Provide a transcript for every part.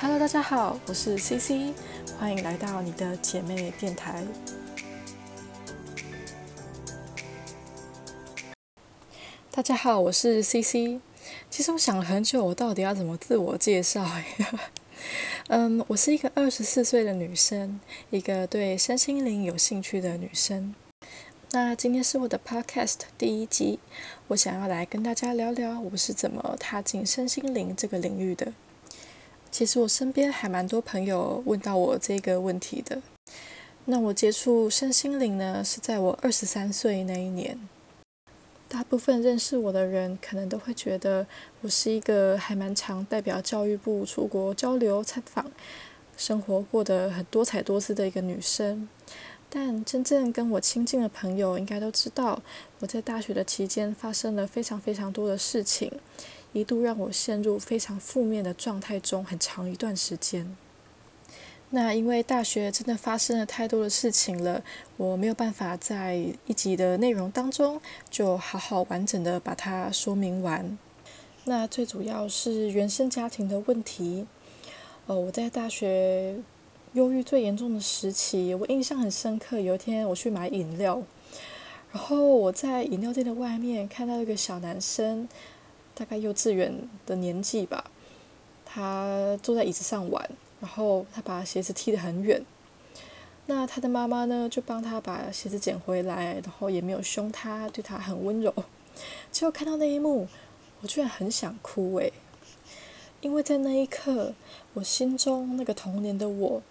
Hello，大家好，我是 CC，歡迎來到你的姐妹電台。大家好，我是 CC。其實我想了很久，我到底要怎麼自我介紹。 嗯，我是一個二十四歲的女生，一個對身心靈有興趣的女生。那今天是我的 Podcast 第一集，我想要來跟大家聊聊我是怎麼踏進身心靈這個領域的。其實我身邊還蠻多朋友問到我這個問題的。那我接觸身心靈呢，是在我二十三歲那一年。大部分認識我的人可能都會覺得我是一個還蠻常代表教育部出國交流參訪，生活過得很多彩多姿的一個女生。但真正跟我親近的朋友應該都知道，我在大學的期間發生了非常非常多的事情。一度讓我陷入非常負面的狀態中，很長一段時間。那因為大學真的發生了太多的事情了，我沒有辦法在一集的內容當中就好好完整的把它說明完。那最主要是原生家庭的問題。哦、呃，我在大學憂鬱最嚴重的時期，我印象很深刻。有一天我去買飲料，然後我在飲料店的外面看到一個小男生。大概幼稚園的年紀吧，他坐在椅子上玩，然後他把鞋子踢得很遠。那他的媽媽呢，就幫他把鞋子撿回來，然後也沒有兇他，對他很溫柔。結果看到那一幕，我居然很想哭誒，因為在那一刻，我心中那個童年的我，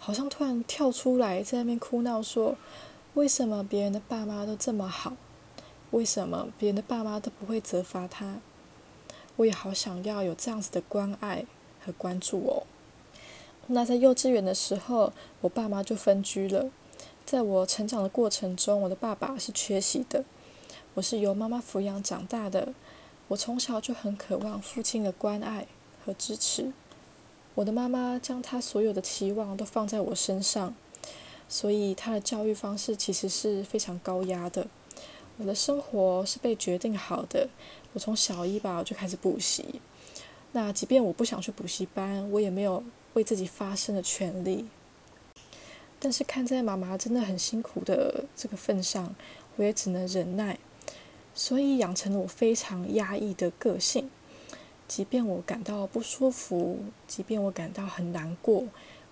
好像突然跳出來，在那邊哭鬧說：“為什麼別人的爸媽都這麼好？為什麼別人的爸媽都不會責罰他？”我也好想要有這樣子的關愛和關注哦。那在幼稚園的時候，我爸媽就分居了。在我成長的過程中，我的爸爸是缺席的。我是由媽媽撫養長大的。我從小就很渴望父親的關愛和支持。我的媽媽將她所有的期望都放在我身上，所以她的教育方式其實是非常高壓的。我的生活是被決定好的，我從小一吧就開始補習，那即便我不想去補習班，我也沒有為自己發聲的權利。但是看在媽媽真的很辛苦的這個份上，我也只能忍耐，所以養成了我非常壓抑的個性。即便我感到不舒服，即便我感到很難過，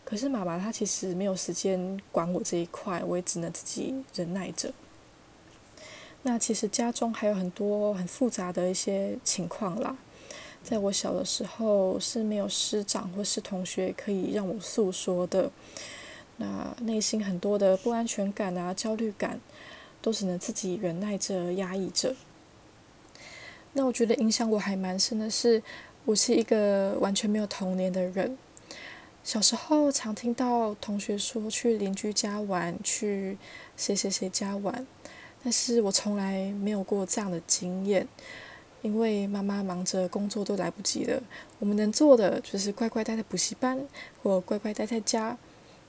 可是媽媽她其實沒有時間管我這一塊，我也只能自己忍耐着。那其實家中還有很多很複雜的一些情況啦，在我小的時候是沒有師長或是同學可以讓我訴說的，那內心很多的不安全感啊、焦慮感，都只能自己忍耐着、壓抑着。那我覺得影響我還蠻深的是，我是一個完全沒有童年的人。小時候常聽到同學說去鄰居家玩，去誰誰誰家玩。但是我從來沒有過這樣的經驗，因為媽媽忙着工作都來不及了。我們能做的就是乖乖待在補習班，或乖乖待在家。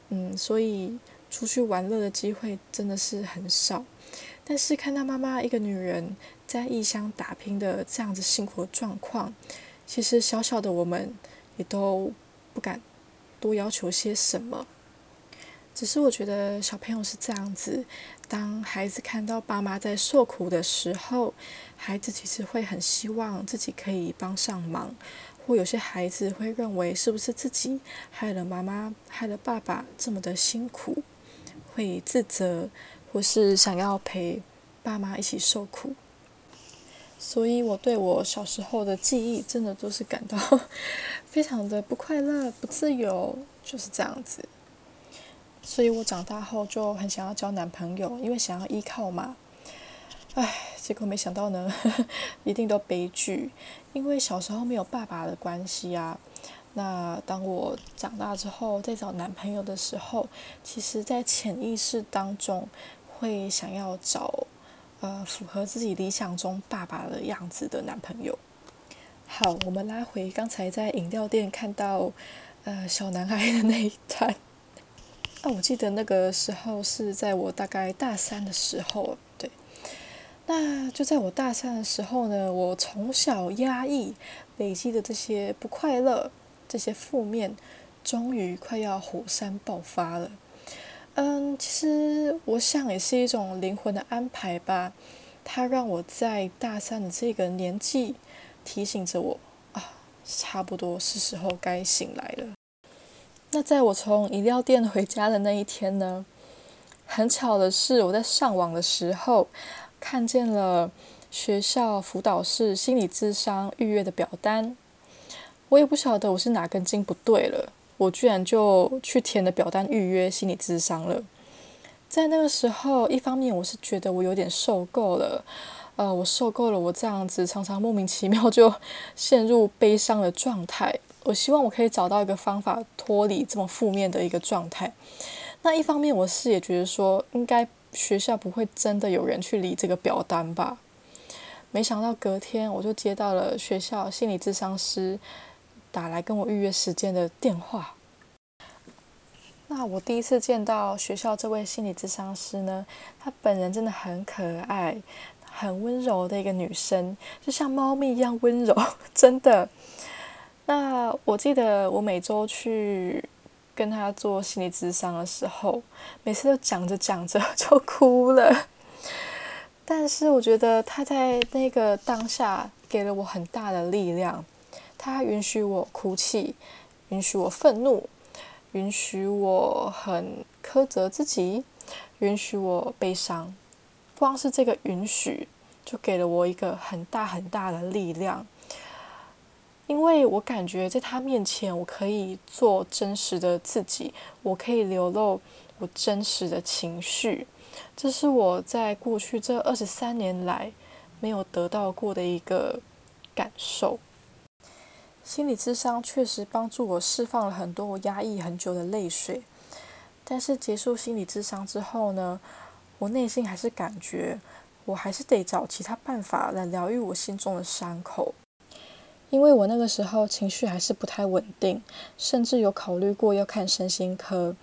嗯，所以出去玩樂的機會真的是很少。但是看到媽媽一個女人在異鄉打拼的這樣子辛苦的狀況，其實小小的我們也都不敢多要求些什麼。只是我覺得小朋友是這樣子。當孩子看到爸媽在受苦的時候，孩子其實會很希望自己可以幫上忙，或有些孩子會認為是不是自己害了媽媽、害了爸爸這麼的辛苦，會自責，或是想要陪爸媽一起受苦。所以，我對我小時候的記憶，真的都是感到非常的不快樂、不自由，就是這樣子。所以我長大後就很想要交男朋友，因為想要依靠嘛。唉，結果沒想到呢，呵呵一定都悲劇。因為小時候沒有爸爸的關係啊，那當我長大之後再找男朋友的時候，其實在潛意識當中會想要找呃符合自己理想中爸爸的樣子的男朋友。好，我們拉回剛才在飲料店看到呃小男孩的那一段。啊，我記得那個時候是在我大概大三的時候，對，那就在我大三的時候呢，我從小壓抑累積的這些不快樂、這些負面，終於快要火山爆發了。嗯，其實我想也是一種靈魂的安排吧，它讓我在大三的這個年紀提醒着我，啊，差不多是時候該醒來了。那在我從飲料店回家的那一天呢，很巧的是，我在上網的時候看見了學校輔導室心理諮商預約的表單。我也不曉得我是哪根筋不對了，我居然就去填了表單預約心理諮商了。在那個時候，一方面我是覺得我有點受夠了，呃，我受夠了我這樣子常常莫名其妙就陷入悲傷的狀態。我希望我可以找到一個方法脫離這麼負面的一個狀態。那一方面，我是也覺得說，應該學校不會真的有人去理這個表單吧。沒想到隔天，我就接到了學校心理諮商師打來跟我預約時間的電話。那我第一次見到學校這位心理諮商師呢，她本人真的很可愛、很溫柔的一個女生，就像貓咪一樣溫柔，真的。那我記得我每周去跟他做心理諮商的時候，每次都講着講着就哭了。但是我覺得他在那個當下給了我很大的力量，他允許我哭泣，允許我憤怒，允許我很苛責自己，允許我悲傷。不光是這個允許，就給了我一個很大很大的力量。因為我感覺在他面前，我可以做真實的自己，我可以流露我真實的情緒，這是我在過去這二十三年來沒有得到過的一個感受。心理諮商確實幫助我釋放了很多我壓抑很久的淚水，但是結束心理諮商之後呢，我內心還是感覺，我還是得找其他辦法來療癒我心中的傷口。因為我那個時候情緒還是不太穩定，甚至有考慮過要看身心科。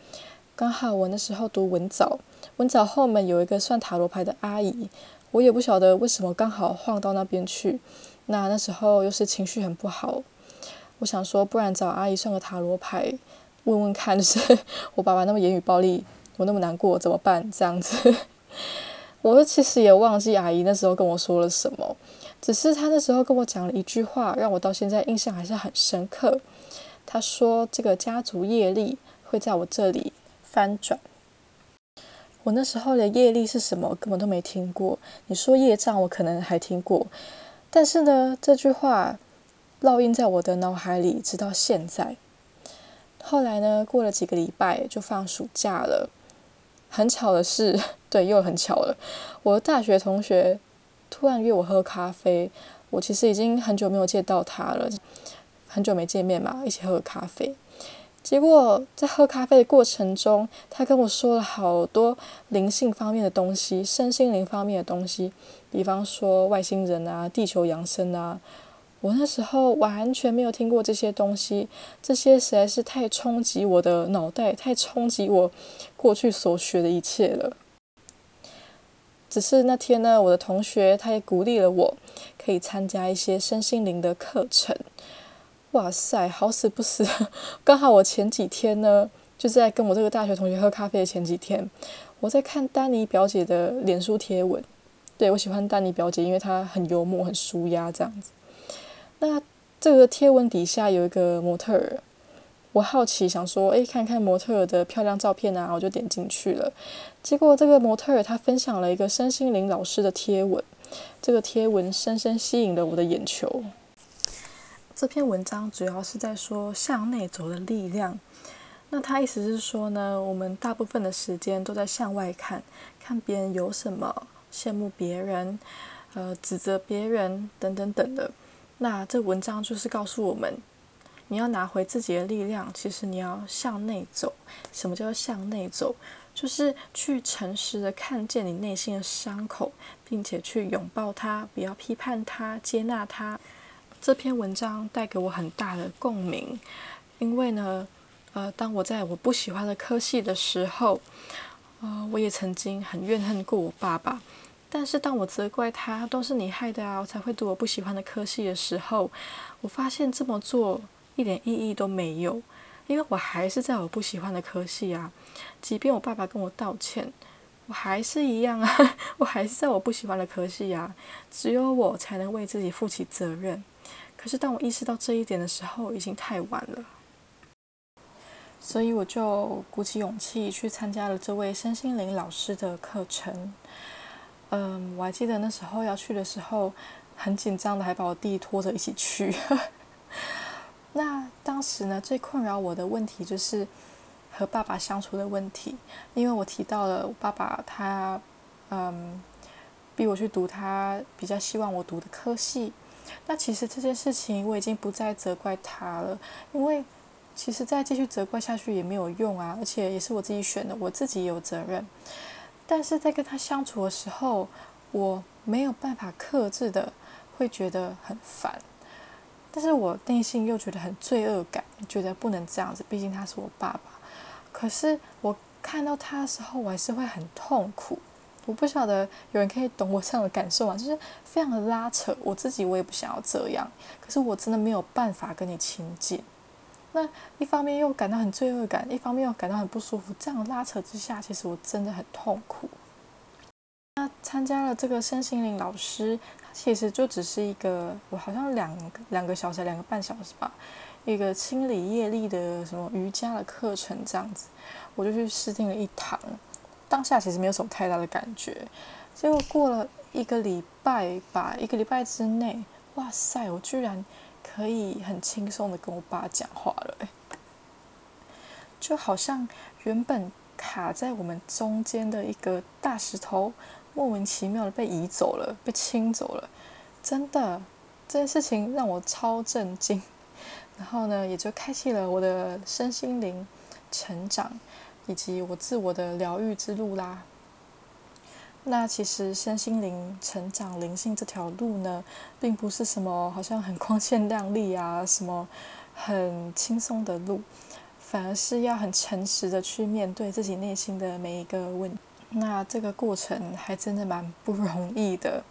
剛好我那時候讀文藻，文藻後門有一個算塔羅牌的阿姨，我也不曉得為什麼剛好晃到那邊去。那那時候又是情緒很不好，我想說，不然找阿姨算個塔羅牌，問問看，就是我爸爸那麼言語暴力，我那麼難過怎麼辦？這樣子，我其實也忘記阿姨那時候跟我說了什麼。只是他那時候跟我講了一句話，讓我到現在印象還是很深刻。他說：“這個家族業力會在我這裡翻轉。”我那時候的業力是什麼，根本都沒聽過。你說業障，我可能還聽過。但是呢，這句話烙印在我的腦海裡，直到現在。後來呢，過了幾個禮拜就放暑假了。很巧的是，對，又很巧了，我的大學同學。突然約我喝咖啡，我其實已經很久沒有見到他了，很久沒見面嘛，一起喝咖啡。結果在喝咖啡的過程中，他跟我說了好多靈性方面的東西、身心靈方面的東西，比方說外星人啊、地球揚升啊。我那時候完全沒有聽過這些東西，這些實在是太衝擊我的腦袋，太衝擊我過去所學的一切了。只是那天呢，我的同學他也鼓勵了我，可以參加一些身心靈的課程。哇塞，好死不死！剛好我前幾天呢，就在跟我這個大學同學喝咖啡的前幾天，我在看丹尼表姐的臉書貼文。對，我喜歡丹尼表姐，因為她很幽默、很舒壓這樣子。那這個貼文底下有一個模特兒。我好奇，想說，哎，看看模特的漂亮照片啊，我就點進去了。結果這個模特他分享了一個身心靈老師的貼文，這個貼文深深吸引了我的眼球。這篇文章主要是在說向內走的力量。那他意思是說呢，我們大部分的時間都在向外看，看別人有什麼，羨慕別人，呃，指責別人，等等等等的。那這文章就是告訴我們。你要拿回自己的力量，其實你要向內走。什麼叫做向內走？就是去誠實的看見你內心的傷口，並且去擁抱它，不要批判它，接納它。這篇文章帶給我很大的共鳴，因為呢，呃，當我在我不喜歡的科系的時候，呃，我也曾經很怨恨過我爸爸。但是當我責怪他，都是你害的啊，我才會讀我不喜歡的科系的時候，我發現這麼做。一點意義都沒有，因為我還是在我不喜歡的科系啊。即便我爸爸跟我道歉，我還是一樣啊，我還是在我不喜歡的科系啊。只有我才能為自己負起責任。可是當我意識到這一點的時候，已經太晚了。所以我就鼓起勇氣去參加了這位身心靈老師的課程。嗯，我還記得那時候要去的時候，很緊張的，還把我弟拖着一起去。那當時呢，最困擾我的問題就是和爸爸相處的問題，因為我提到了我爸爸他，嗯，逼我去讀他比較希望我讀的科系。那其實這件事情我已經不再責怪他了，因為其實再繼續責怪下去也沒有用啊，而且也是我自己選的，我自己有責任。但是在跟他相處的時候，我沒有辦法克制的，會覺得很煩。但是我內心又覺得很罪惡感，覺得不能這樣子，畢竟他是我爸爸。可是我看到他的時候，我還是會很痛苦。我不曉得有人可以懂我這樣的感受啊，就是非常的拉扯，我自己我也不想要這樣，可是我真的沒有辦法跟你親近。那一方面又感到很罪惡感，一方面又感到很不舒服。這樣的拉扯之下，其實我真的很痛苦。那參加了這個身心靈老師。其實就只是一個，我好像兩個兩個小時，兩個半小時吧，一個清理業力的什麼瑜伽的課程這樣子，我就去試聽了一堂，當下其實沒有什麼太大的感覺，結果過了一個禮拜吧，一個禮拜之內，哇塞，我居然可以很輕鬆的跟我爸講話了，欸，就好像原本卡在我們中間的一個大石頭。莫名其妙的被移走了，被清走了，真的，這件事情讓我超震驚。然後呢，也就開啟了我的身心靈成長以及我自我的療癒之路啦。那其實身心靈成長靈性這條路呢，並不是什麼好像很光鮮亮麗啊，什麼很輕鬆的路，反而是要很誠實的去面對自己內心的每一個問題。那這個過程還真的蠻不容易的，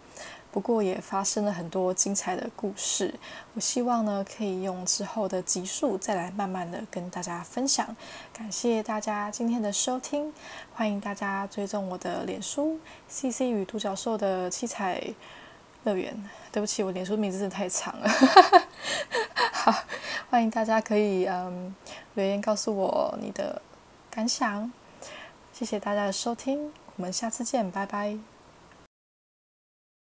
不過也發生了很多精彩的故事。我希望呢，可以用之後的集數再來慢慢的跟大家分享。感謝大家今天的收聽，歡迎大家追蹤我的臉書 “CC 與獨角獸的七彩樂園”。對不起，我臉書名字真的太長了。 好，歡迎大家可以嗯留言告訴我你的感想。謝謝大家的收聽，我們下次見，拜拜。